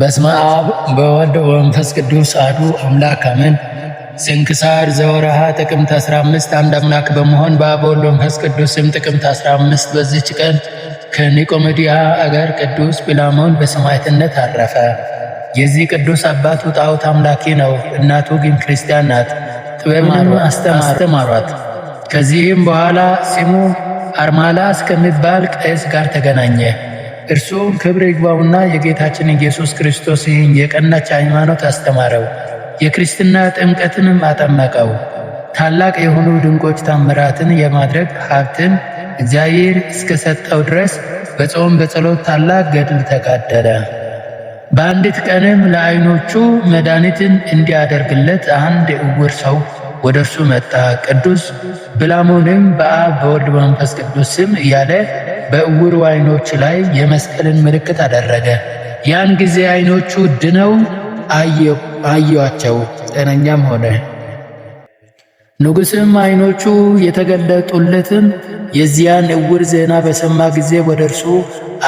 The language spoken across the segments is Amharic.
በስመ አብ በወልድ ወመንፈስ ቅዱስ አሐዱ አምላክ አሜን። ስንክሳር ዘወርኃ ጥቅምት 15 አንድ አምላክ በመሆን በአብ በወልድ ቅዱስ ስም ጥቅምት 15 በዚች ቀን ከኒቆሜዲያ አገር ቅዱስ ቢላሞን በሰማዕትነት አረፈ። የዚህ ቅዱስ አባቱ ጣዖት አምላኪ ነው። እናቱ ግን ክርስቲያን ናት። ጥበብንም አስተማሯት። ከዚህም በኋላ ስሙ አርማላስ ከሚባል ቄስ ጋር ተገናኘ። እርሱም ክብር ይግባውና የጌታችን ኢየሱስ ክርስቶስ ይህን የቀናች ሃይማኖት አስተማረው፣ የክርስትና ጥምቀትንም አጠመቀው። ታላቅ የሆኑ ድንቆች ታምራትን የማድረግ ሀብትን እግዚአብሔር እስከሰጠው ድረስ በጾም በጸሎት ታላቅ ገድል ተጋደለ። በአንዲት ቀንም ለዓይኖቹ መድኃኒትን እንዲያደርግለት አንድ ዕውር ሰው ወደ እርሱ መጣ። ቅዱስ ብላሞንም በአብ በወልድ በመንፈስ ቅዱስ ስም እያለ በእውሩ ዓይኖቹ ላይ የመስቀልን ምልክት አደረገ። ያን ጊዜ ዓይኖቹ ድነው አየዋቸው፣ ጤነኛም ሆነ። ንጉሥም ዓይኖቹ የተገለጡለትን የዚያን እውር ዜና በሰማ ጊዜ ወደ እርሱ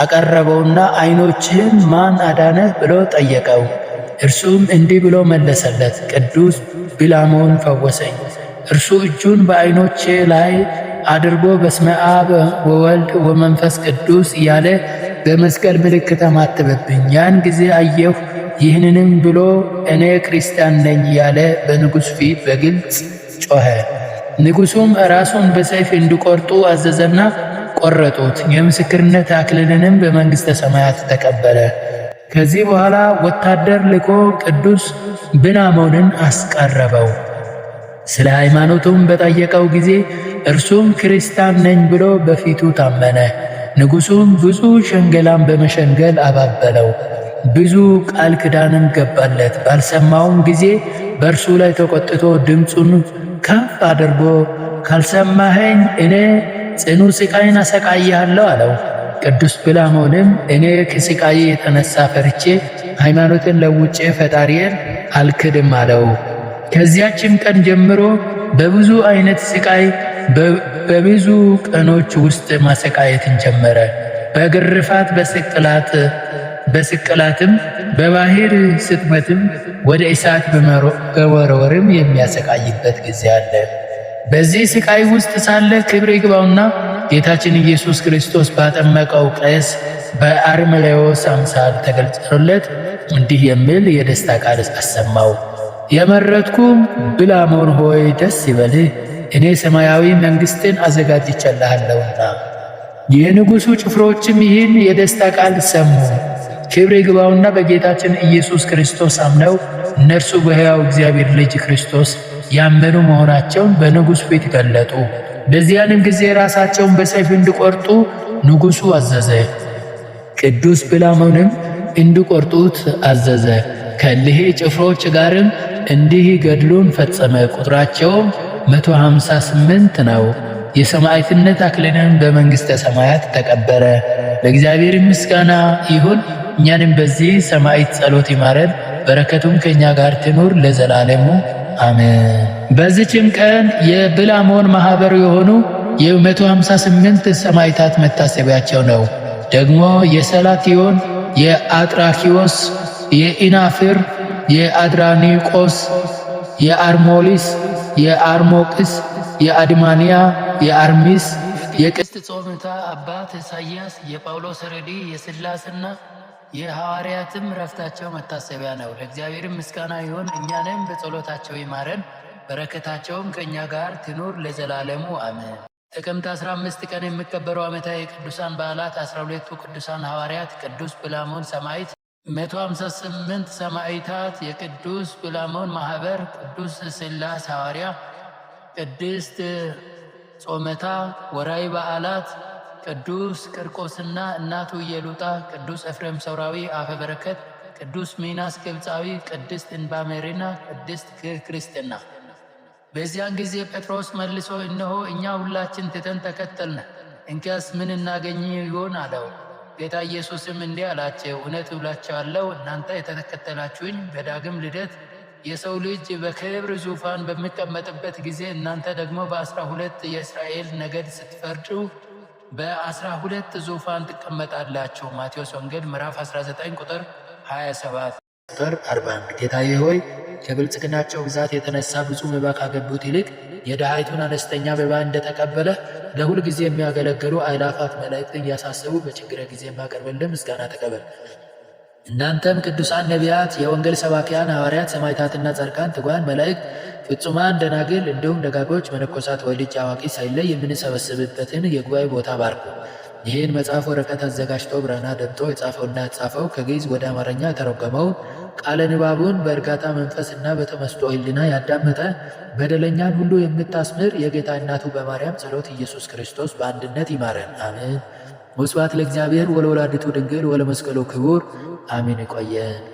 አቀረበውና ዓይኖችህን ማን አዳነህ ብሎ ጠየቀው። እርሱም እንዲህ ብሎ መለሰለት፣ ቅዱስ ቢላሞን ፈወሰኝ። እርሱ እጁን በዓይኖቼ ላይ አድርጎ በስመ አብ ወወልድ ወመንፈስ ቅዱስ እያለ በመስቀል ምልክት አማተበብኝ። ያን ጊዜ አየሁ። ይህንንም ብሎ እኔ ክርስቲያን ነኝ እያለ በንጉሥ ፊት በግልጽ ጮኸ። ንጉሡም ራሱን በሰይፍ እንዲቆርጡ አዘዘና ቆረጡት። የምስክርነት አክሊልንም በመንግሥተ ሰማያት ተቀበለ። ከዚህ በኋላ ወታደር ልኮ ቅዱስ ብናሞንን አስቀረበው። ስለ ሃይማኖቱም በጠየቀው ጊዜ እርሱም ክርስቲያን ነኝ ብሎ በፊቱ ታመነ። ንጉሡም ብዙ ሸንገላን በመሸንገል አባበለው፣ ብዙ ቃል ክዳንም ገባለት። ባልሰማውም ጊዜ በእርሱ ላይ ተቆጥቶ ድምፁን ከፍ አድርጎ ካልሰማኸኝ እኔ ጽኑ ሥቃይን አሰቃይሃለሁ አለው። ቅዱስ ብላሞንም እኔ ከሥቃዬ የተነሳ ፈርቼ ሃይማኖትን ለውጬ ፈጣሪዬን አልክድም አለው። ከዚያችም ቀን ጀምሮ በብዙ አይነት ሥቃይ በብዙ ቀኖች ውስጥ ማሰቃየትን ጀመረ። በግርፋት በስቅላት በስቅላትም በባህር ስጥመትም ወደ እሳት በመወረወርም የሚያሰቃይበት ጊዜ አለ። በዚህ ስቃይ ውስጥ ሳለ ክብር ይግባውና ጌታችን ኢየሱስ ክርስቶስ ባጠመቀው ቀስ በአርምሌዎስ አምሳል ተገልጸለት እንዲህ የሚል የደስታ ቃል አሰማው። የመረጥኩ ብላሞን ሆይ ደስ ይበልህ እኔ ሰማያዊ መንግሥትን አዘጋጅቼልሃለሁና። የንጉሡ ጭፍሮችም ይህን የደስታ ቃል ሰሙ። ክብር ይግባውና በጌታችን ኢየሱስ ክርስቶስ አምነው እነርሱ በሕያው እግዚአብሔር ልጅ ክርስቶስ ያመኑ መሆናቸውን በንጉሥ ፊት ገለጡ። በዚያንም ጊዜ ራሳቸውን በሰይፍ እንዲቆርጡ ንጉሡ አዘዘ። ቅዱስ ብላሞንም እንዲቆርጡት አዘዘ። ከልሄ ጭፍሮች ጋርም እንዲህ ገድሉን ፈጸመ። ቁጥራቸውም 158 ነው። የሰማዕትነት አክሊልን በመንግሥተ ሰማያት ተቀበረ። ለእግዚአብሔር ምስጋና ይሁን። እኛንም በዚህ ሰማዕት ጸሎት ይማረን፣ በረከቱም ከእኛ ጋር ትኑር ለዘላለሙ አሜን። በዚችም ቀን የብላሞን ማኅበር የሆኑ የ158 ሰማዕታት መታሰቢያቸው ነው። ደግሞ የሰላቲዮን፣ የአጥራኪዮስ፣ የኢናፍር፣ የአድራኒቆስ፣ የአርሞሊስ የአርሞቅስ፣ የአድማንያ፣ የአርሚስ፣ የቅስት ጾምታ አባት ኢሳያስ፣ የጳውሎስ ረዲ፣ የስላስና የሐዋርያትም ረፍታቸው መታሰቢያ ነው። ለእግዚአብሔርም ምስጋና ይሁን፣ እኛንም በጸሎታቸው ይማረን፣ በረከታቸውም ከእኛ ጋር ትኑር ለዘላለሙ አሜን። ጥቅምት 15 ቀን የሚከበረው ዓመታዊ የቅዱሳን በዓላት 12ቱ ቅዱሳን ሐዋርያት፣ ቅዱስ ብላሞን ሰማይት 158 ሰማዕታት የቅዱስ ቢላሞን ማህበር ቅዱስ ስላስ ሐዋርያ፣ ቅድስት ጾመታ፣ ወራዊ በዓላት ቅዱስ ቅርቆስና እናቱ የሉጣ ቅዱስ ኤፍሬም ሰውራዊ አፈ በረከት፣ ቅዱስ ሚናስ ግብፃዊ፣ ቅድስት እንባሜሪና፣ ቅድስት ክርስትና። በዚያን ጊዜ ጴጥሮስ መልሶ እነሆ እኛ ሁላችን ትተን ተከተልነ፣ እንኪያስ ምን እናገኝ ይሆን አለው። ጌታ ኢየሱስም እንዲህ አላቸው፣ እውነት እላችኋለሁ እናንተ የተከተላችሁኝ በዳግም ልደት የሰው ልጅ በክብር ዙፋን በሚቀመጥበት ጊዜ እናንተ ደግሞ በአስራ ሁለት የእስራኤል ነገድ ስትፈርዱ በአስራ ሁለት ዙፋን ትቀመጣላችሁ። ማቴዎስ ወንጌል ምዕራፍ 19 ቁጥር 27 ቁጥር 41 ጌታዬ ሆይ ከብልጽግናቸው ብዛት የተነሳ ብዙ መባ ካገቡት ይልቅ የድሃይቱን አነስተኛ መባ እንደተቀበለ ለሁል ጊዜ የሚያገለግሉ አእላፋት መላእክት እያሳሰቡ በችግረ ጊዜ የማቀርብልን ምስጋና ተቀበል። እናንተም ቅዱሳን ነቢያት፣ የወንጌል ሰባኪያን ሐዋርያት፣ ሰማዕታትና ጻድቃን፣ ትጓን መላእክት፣ ፍጹማን ደናግል፣ እንዲሁም ደጋጎች መነኮሳት፣ ወልጅ አዋቂ ሳይለይ የምንሰበስብበትን የጉባኤ ቦታ ባርኩ። ይህን መጽሐፍ ወረቀት አዘጋጅቶ ብራና ደብጦ የጻፈውና ያጻፈው ከግዕዝ ወደ አማርኛ የተረጎመው ቃለ ንባቡን በእርጋታ መንፈስና በተመስጦ ሕሊና ያዳመጠ በደለኛን ሁሉ የምታስምር የጌታ እናቱ በማርያም ጸሎት ኢየሱስ ክርስቶስ በአንድነት ይማረን፣ አሜን። ወስብሐት ለእግዚአብሔር ወለወላዲቱ ድንግል ወለመስቀሉ ክቡር፣ አሜን። ይቆየን።